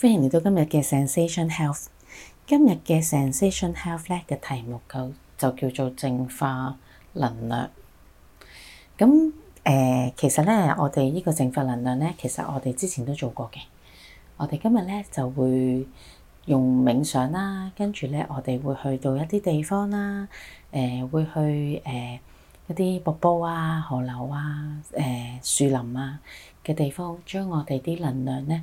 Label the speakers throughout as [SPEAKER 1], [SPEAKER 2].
[SPEAKER 1] 歡迎嚟到今日嘅 Zensation Health。今日嘅 Zensation Health 嘅題目叫就叫做淨化能量。咁誒、呃，其實咧，我哋呢個淨化能量咧，其實我哋之前都做過嘅。我哋今日咧就會用冥想啦，跟住咧，我哋會去到一啲地方啦，誒、呃、會去誒、呃、一啲瀑布啊、河流啊、誒、呃、樹林啊嘅地方，將我哋啲能量咧，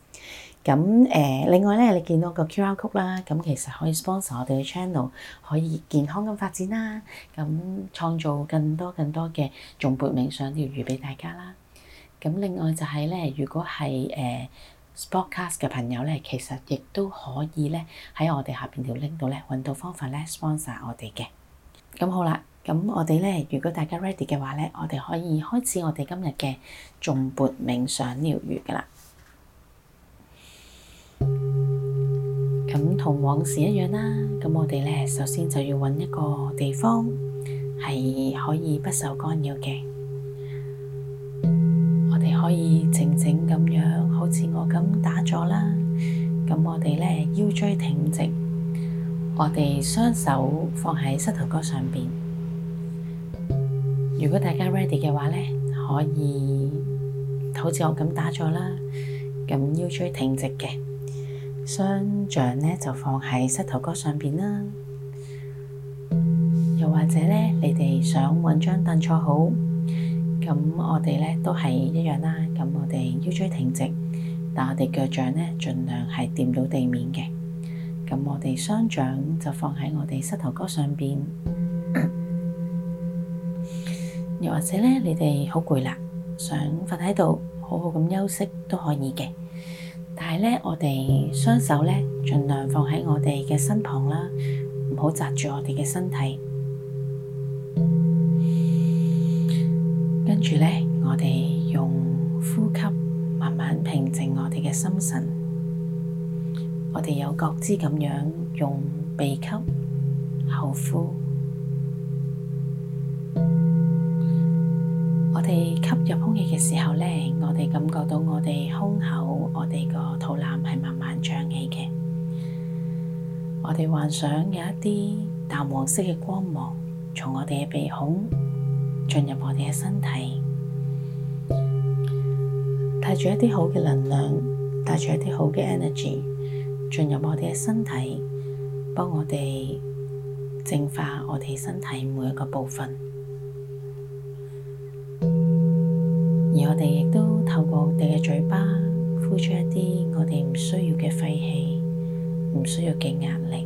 [SPEAKER 1] 咁誒、呃，另外咧，你見到個 QR code 啦，咁其實可以 sponsor 我哋嘅 channel，可以健康咁發展啦，咁創造更多更多嘅頌缽冥想療癒俾大家啦。咁另外就係咧，如果係誒、呃、Podcast 嘅朋友咧，其實亦都可以咧喺我哋下邊條 link 度咧揾到方法咧 sponsor 我哋嘅。咁好啦，咁我哋咧，如果大家 ready 嘅話咧，我哋可以開始我哋今日嘅頌缽冥想療癒㗎喇。咁同往事一樣啦，咁我哋呢，首先就要揾一個地方係可以不受干擾嘅，我哋可以靜靜咁樣，好似我咁打坐啦。咁我哋呢，腰椎挺直，我哋雙手放喺膝頭哥上邊。如果大家 ready 嘅話呢，可以好似我咁打坐啦，咁腰椎挺直嘅。雙掌呢就放喺膝頭哥上邊啦，又或者呢，你哋想揾張凳坐好，咁我哋呢都係一樣啦。咁我哋腰椎挺直，但我哋腳掌呢盡量係掂到地面嘅。咁我哋雙掌就放喺我哋膝頭哥上邊， 又或者呢，你哋好攰啦，想瞓喺度好好咁休息都可以嘅。但係咧，我哋雙手咧，盡量放喺我哋嘅身旁啦，唔好窒住我哋嘅身體。跟住咧，我哋用呼吸慢慢平靜我哋嘅心神。我哋有覺知咁樣用鼻吸、口呼。吸入空氣嘅時候呢我哋感覺到我哋胸口、我哋個肚腩係慢慢脹起嘅。我哋幻想有一啲淡黃色嘅光芒從我哋嘅鼻孔進入我哋嘅身體，帶住一啲好嘅能量，帶住一啲好嘅 energy 進入我哋嘅身體，幫我哋淨化我哋身體每一個部分。而我哋亦都透過我哋嘅嘴巴呼出一啲我哋唔需要嘅廢氣、唔需要嘅壓力。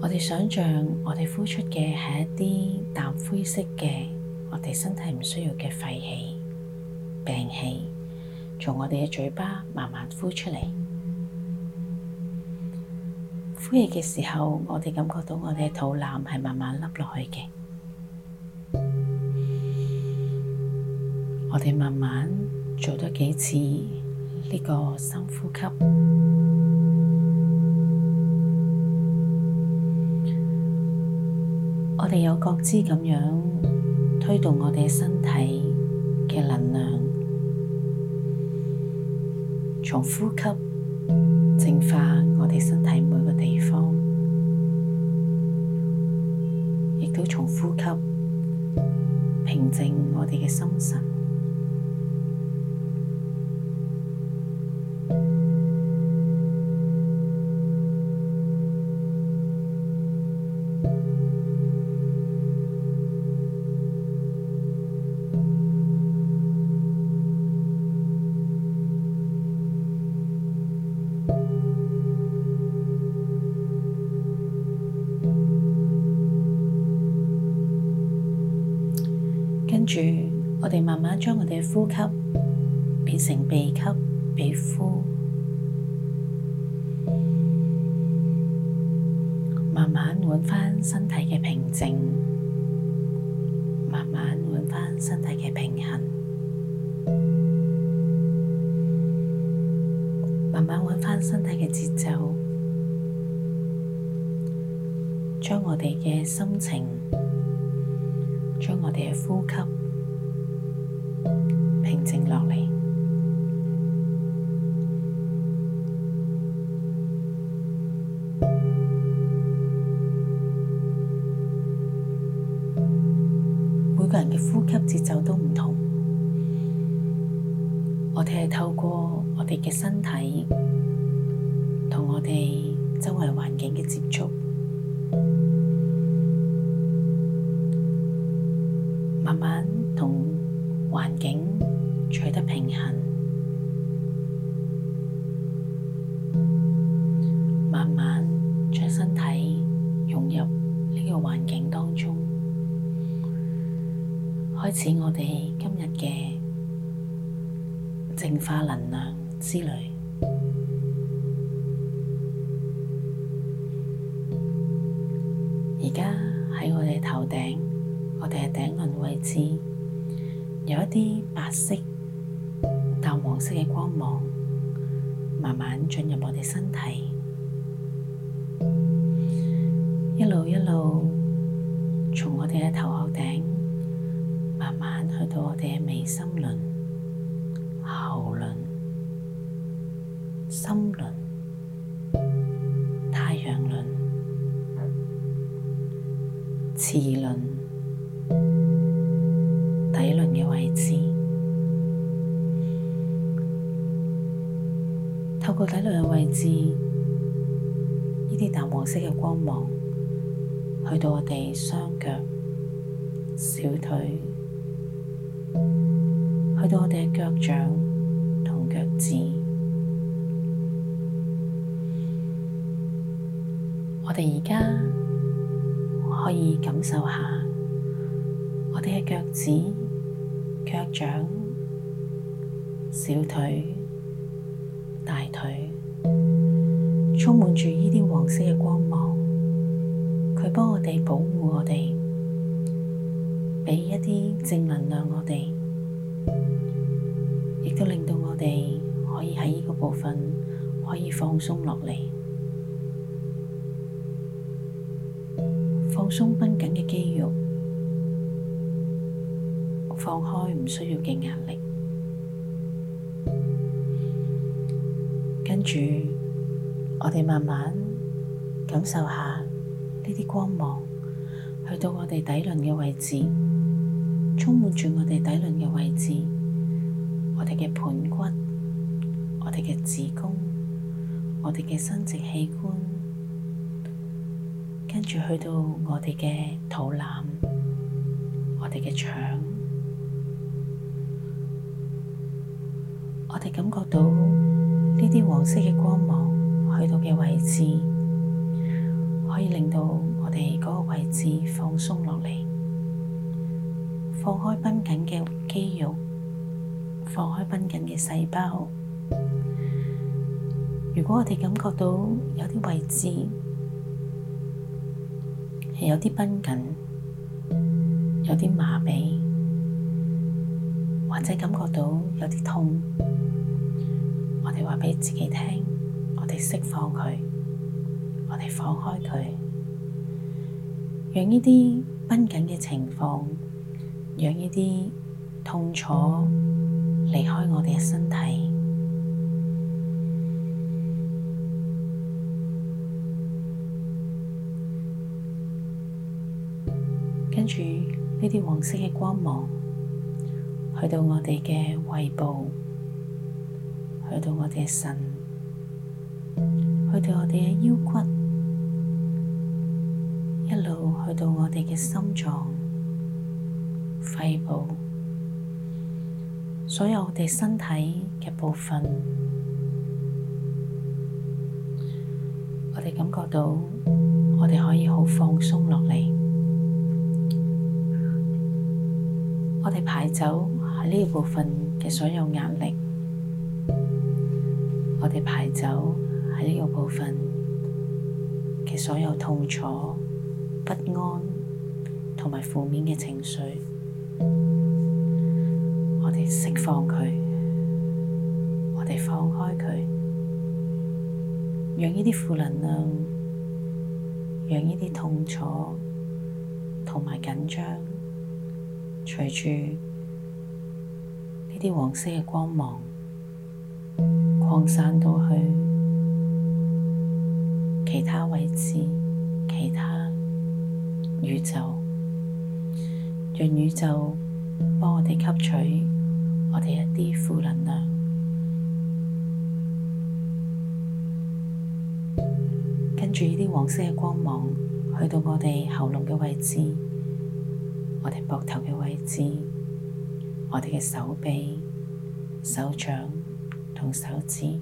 [SPEAKER 1] 我哋想象我哋呼出嘅係一啲淡灰色嘅，我哋身體唔需要嘅廢氣、病氣，從我哋嘅嘴巴慢慢呼出嚟。呼氣嘅時候，我哋感覺到我哋嘅肚腩係慢慢凹落去嘅。我哋慢慢做多幾次呢個深呼吸，我哋有覺知咁樣推動我哋身體嘅能量，從呼吸淨化我哋身體每個地方，亦都從呼吸平靜我哋嘅心神。跟住，我哋慢慢將我哋嘅呼吸變成鼻吸鼻呼，慢慢搵翻身體嘅平靜，慢慢搵翻身體嘅平衡，慢慢搵翻身體嘅節奏，將我哋嘅心情。將我哋嘅呼吸平靜落嚟，每個人嘅呼吸節奏都唔同，我哋係透過我哋嘅身體同我哋周圍環境嘅接觸。慢慢同環境取得平衡，慢慢將身體融入呢個環境當中，開始我哋今日嘅淨化能量之旅。白色、淡黃色嘅光芒，慢慢進入我哋身體，一路一路從我哋嘅頭殼頂，慢慢去到我哋嘅眉心輪、喉輪、心輪。呢啲淡黃色嘅光芒去到我哋雙腳、小腿，去到我哋嘅腳掌同腳趾。我哋而家可以感受下我哋嘅腳趾、腳掌、小腿、大腿。充滿住呢啲黃色嘅光芒，佢幫我哋保護我哋，俾一啲正能量我哋，亦都令到我哋可以喺呢個部分可以放鬆落嚟，放鬆繃緊嘅肌肉，放開唔需要嘅壓力，跟住。我哋慢慢感受下呢啲光芒，去到我哋底輪嘅位置，充滿住我哋底輪嘅位置，我哋嘅盆骨，我哋嘅子宮，我哋嘅生殖器官，跟住去到我哋嘅肚腩，我哋嘅腸，我哋感覺到呢啲黃色嘅光芒。去到嘅位置，可以令到我哋嗰個位置放鬆落嚟，放開繃緊嘅肌肉，放開繃緊嘅細胞。如果我哋感覺到有啲位置係有啲繃緊，有啲麻痹，或者感覺到有啲痛，我哋話畀自己聽。我哋釋放佢，我哋放開佢，讓呢啲繃緊嘅情況，讓呢啲痛楚離開我哋嘅身體。跟住呢啲黃色嘅光芒，去到我哋嘅胃部，去到我哋嘅腎。去到我哋嘅腰骨，一路去到我哋嘅心臟、肺部，所有我哋身體嘅部分，我哋感覺到我，我哋可以好放鬆落嚟，我哋排走喺呢部分嘅所有壓力，我哋排走。係呢個部分嘅所有痛楚、不安同埋負面嘅情緒，我哋釋放佢，我哋放開佢，讓呢啲負能量、讓呢啲痛楚同埋緊張，隨住呢啲黃色嘅光芒擴散到去。其他位置、其他宇宙，讓宇宙幫我哋吸取我哋一啲負能量。跟住呢啲黃色嘅光芒，去到我哋喉嚨嘅位置，我哋膊頭嘅位置，我哋嘅手臂、手掌同手指。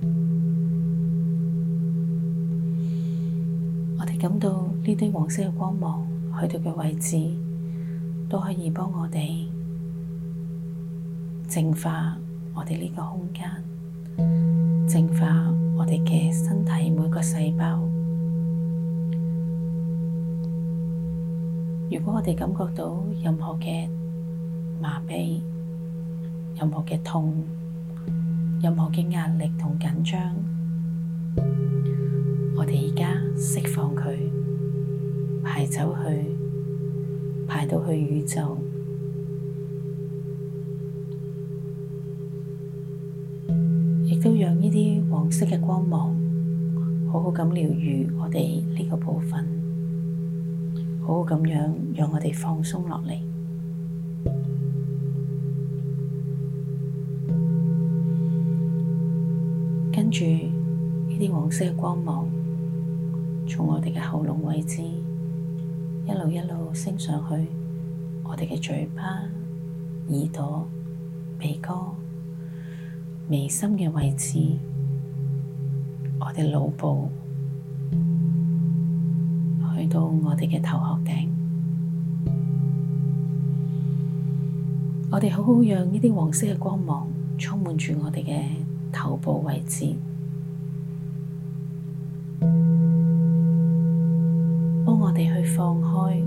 [SPEAKER 1] 感到呢啲黃色嘅光芒去到嘅位置，都可以幫我哋淨化我哋呢個空間，淨化我哋嘅身體每個細胞。如果我哋感覺到任何嘅麻痹、任何嘅痛、任何嘅壓力同緊張。我哋而家釋放佢，
[SPEAKER 2] 排走佢，
[SPEAKER 1] 排到去宇宙，亦都讓呢啲黃色嘅光芒，好好咁療愈我哋呢個部分，好好咁樣讓我哋放鬆落嚟，跟住呢啲黃色嘅光芒。從我哋嘅喉嚨位置，一路一路升上去，我哋嘅嘴巴、耳朵、鼻哥、眉心嘅位置，我哋腦部，去到我哋嘅頭殼頂。我哋好好讓呢啲黃色嘅光芒充滿住我哋嘅頭部位置。放開，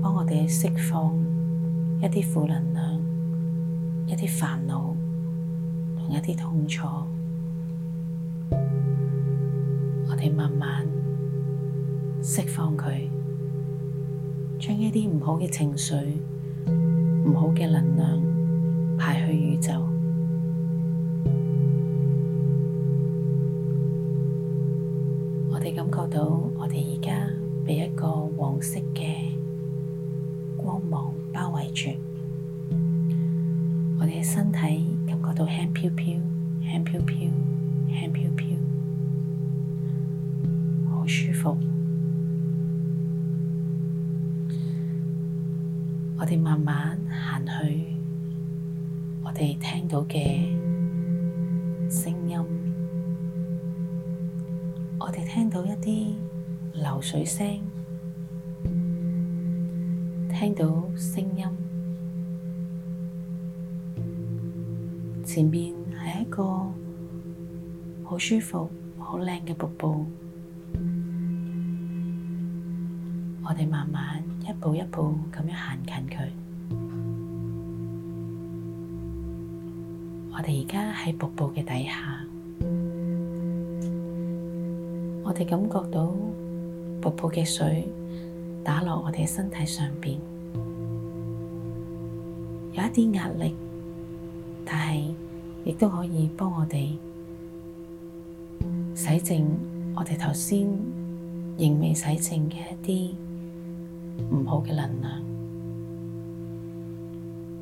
[SPEAKER 1] 幫我哋釋放一啲負能量、一啲煩惱同一啲痛楚，我哋慢慢釋放佢，將一啲唔好嘅情緒、唔好嘅能量排去宇宙。到嘅聲音，我哋聽到一啲流水聲，聽到聲音，前面係一個好舒服、好靚嘅瀑布，我哋慢慢一步一步咁樣行近佢。我哋而家喺瀑布嘅底下，我哋感覺到瀑布嘅水打落我哋身體上面，有一啲壓力，但係亦都可以幫我哋洗淨我哋頭先仍未洗淨嘅一啲唔好嘅能量。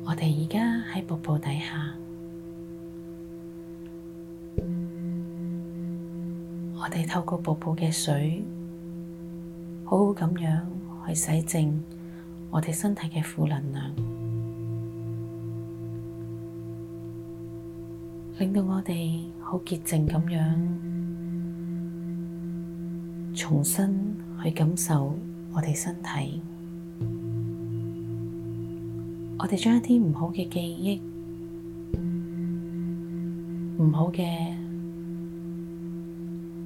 [SPEAKER 1] 我哋而家喺瀑布底下。我哋透過瀑布嘅水，好好咁樣去洗淨我哋身體嘅負能量，令到我哋好潔淨咁樣，重新去感受我哋身體。我哋將一啲唔好嘅記憶，唔好嘅。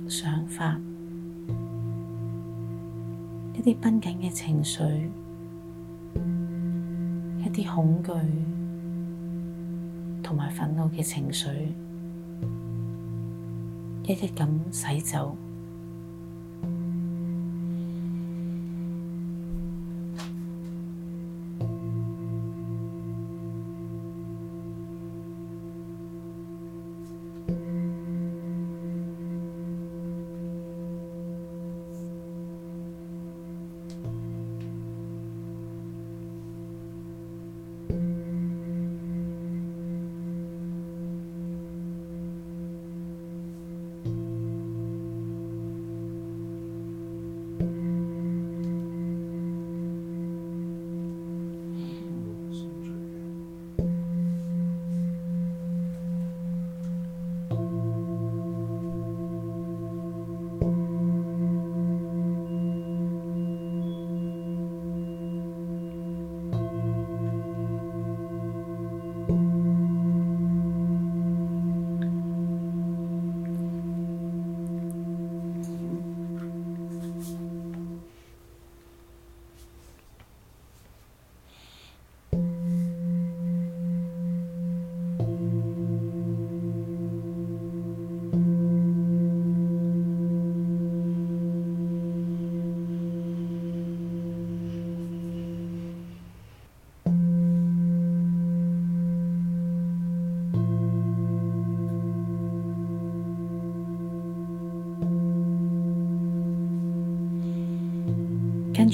[SPEAKER 1] 想法，一啲繃緊嘅情緒，一啲恐懼，同埋憤怒嘅情緒，一一咁洗走。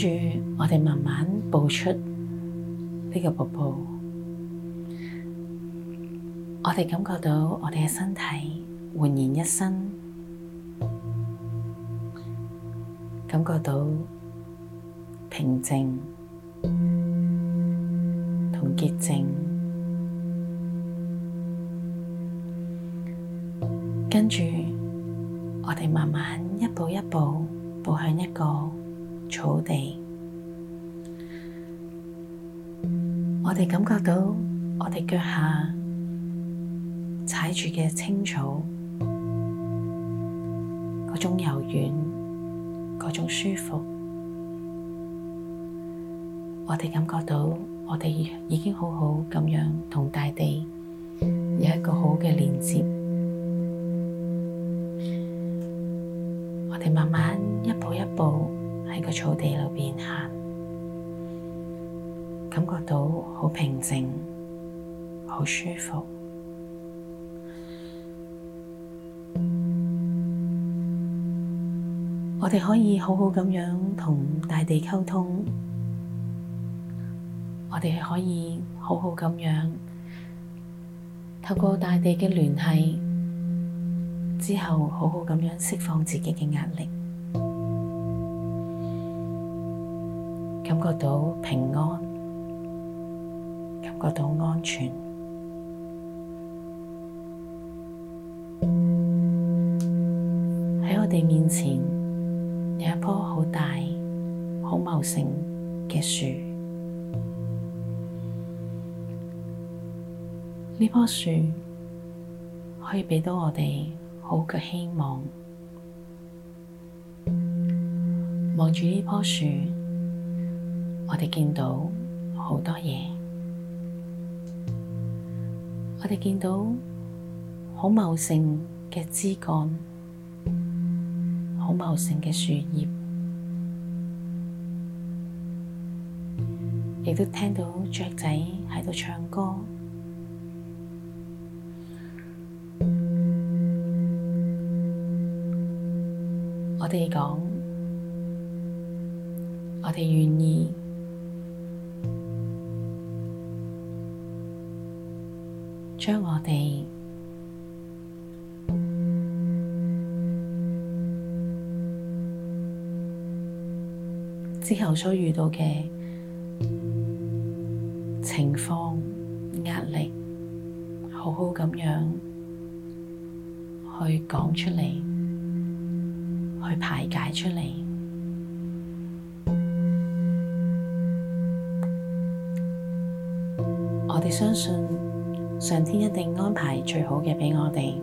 [SPEAKER 1] 跟住，我哋慢慢步出呢個瀑布，我哋感覺到我哋嘅身體煥然一新，感覺到平靜同潔淨，跟住我哋慢慢一步一步步向一個草地，我哋感覺到我哋腳下踩住嘅青草，嗰種柔軟，嗰種舒服，我哋感覺到我哋已經好好咁樣同大地有一個好嘅連接，我哋慢慢一步一步。喺個草地裏邊行，感覺到好平靜，好舒服。我哋可以好好咁樣同大地溝通，我哋可以好好咁樣透過大地嘅聯繫之後，好好咁樣釋放自己嘅壓力。感覺到平安，感覺到安全。喺我哋面前有一棵好大、好茂盛嘅樹。呢棵樹可以畀到我哋好嘅希望。望住呢棵樹。我哋見到好多嘢，我哋見到好茂盛嘅枝幹，好茂盛嘅樹葉，亦都聽到雀仔喺度唱歌。我哋講，我哋願意。將我哋之後所遇到嘅情況壓力，好好咁樣去講出嚟，去排解出嚟。我哋相信。上天一定安排最好嘅畀我哋，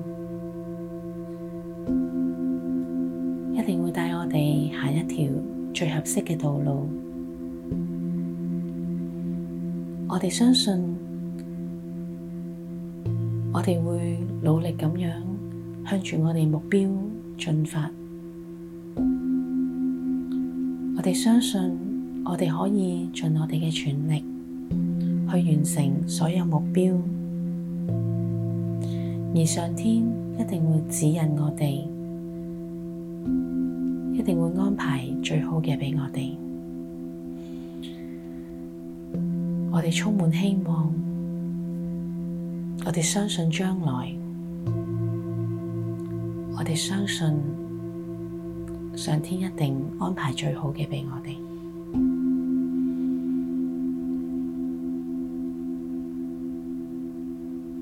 [SPEAKER 1] 一定會帶我哋行一條最合適嘅道路。我哋相信，我哋會努力咁樣向住我哋目標進發。我哋相信，我哋可以盡我哋嘅全力去完成所有目標。而上天一定會指引我哋，一定會安排最好嘅畀我哋。我哋充滿希望，我哋相信將來，我哋相信上天一定安排最好嘅畀我哋。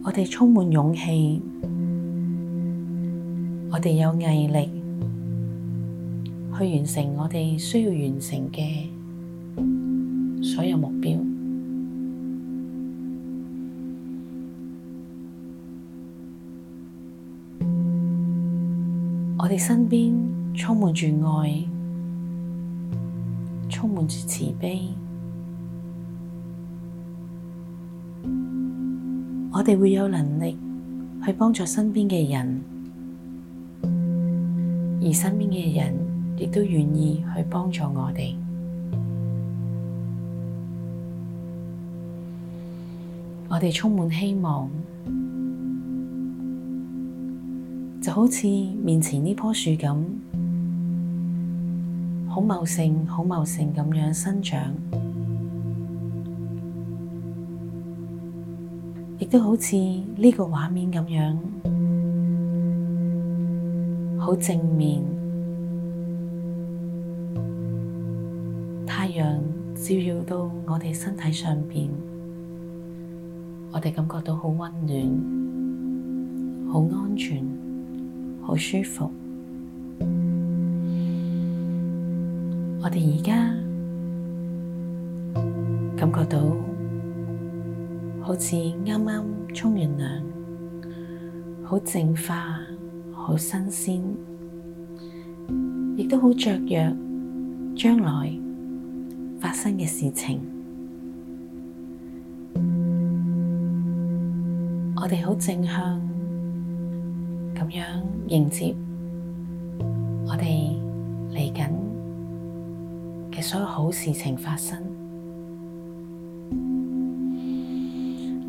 [SPEAKER 1] 我哋充滿勇氣，我哋有毅力去完成我哋需要完成嘅所有目標。我哋身邊充滿住愛，充滿住慈悲。我哋會有能力去幫助身邊嘅人，而身邊嘅人亦都願意去幫助我哋。我哋充滿希望，就好似面前呢棵樹咁，好茂盛，好茂盛咁樣生長。亦都好似呢個畫面咁樣，好正面，太陽照耀到我哋身體上面，我哋感覺到好溫暖、好安全、好舒服。我哋而家感覺到。好似啱啱沖完涼，好淨化，好新鮮，亦都好雀躍。將來發生嘅事情，我哋好正向咁樣迎接我哋嚟緊嘅所有好事情發生。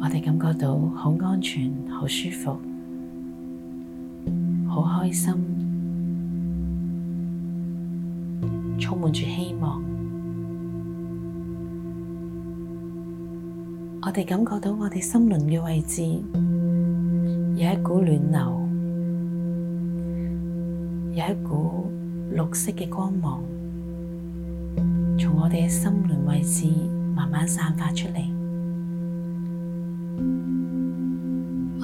[SPEAKER 1] 我哋感覺到好安全、好舒服、好開心，充滿住希望。我哋感覺到我哋心輪嘅位置有一股暖流，有一股綠色嘅光芒，從我哋嘅心輪位置慢慢散發出嚟。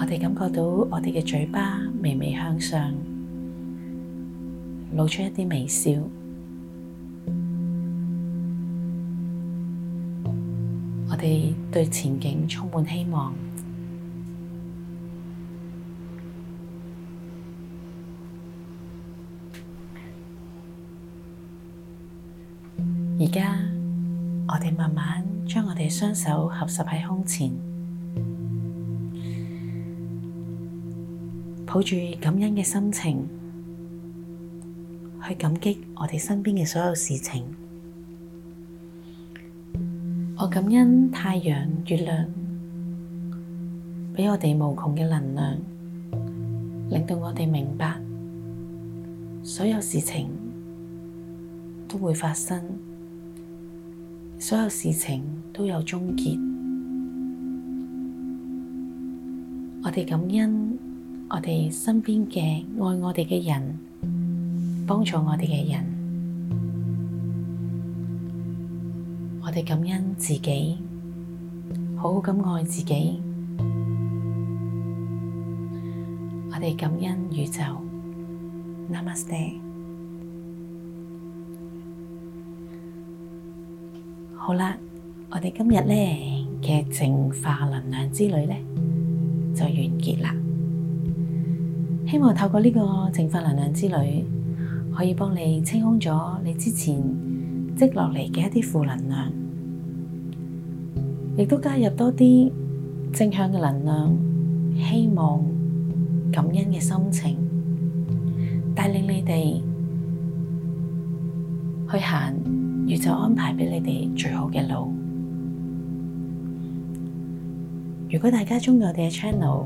[SPEAKER 1] 我哋感覺到我哋嘅嘴巴微微向上，露出一啲微笑。我哋對前景充滿希望。而家，我哋慢慢將我哋雙手合十喺胸前。抱住感恩嘅心情，去感激我哋身邊嘅所有事情。我感恩太陽、月亮，畀我哋無窮嘅能量，令到我哋明白，所有事情都會發生，所有事情都有終結。我哋感恩。我哋身邊嘅愛我哋嘅人，幫助我哋嘅人，我哋感恩自己，好好咁愛自己，我哋感恩宇宙。Namaste。好啦，我哋今日咧嘅淨化能量之旅咧就完結啦。希望透過呢個淨化能量之旅，可以幫你清空咗你之前積落嚟嘅一啲負能量，亦都加入多啲正向嘅能量，希望感恩嘅心情，帶領你哋去行宇宙安排俾你哋最好嘅路。如果大家中意我哋嘅 channel，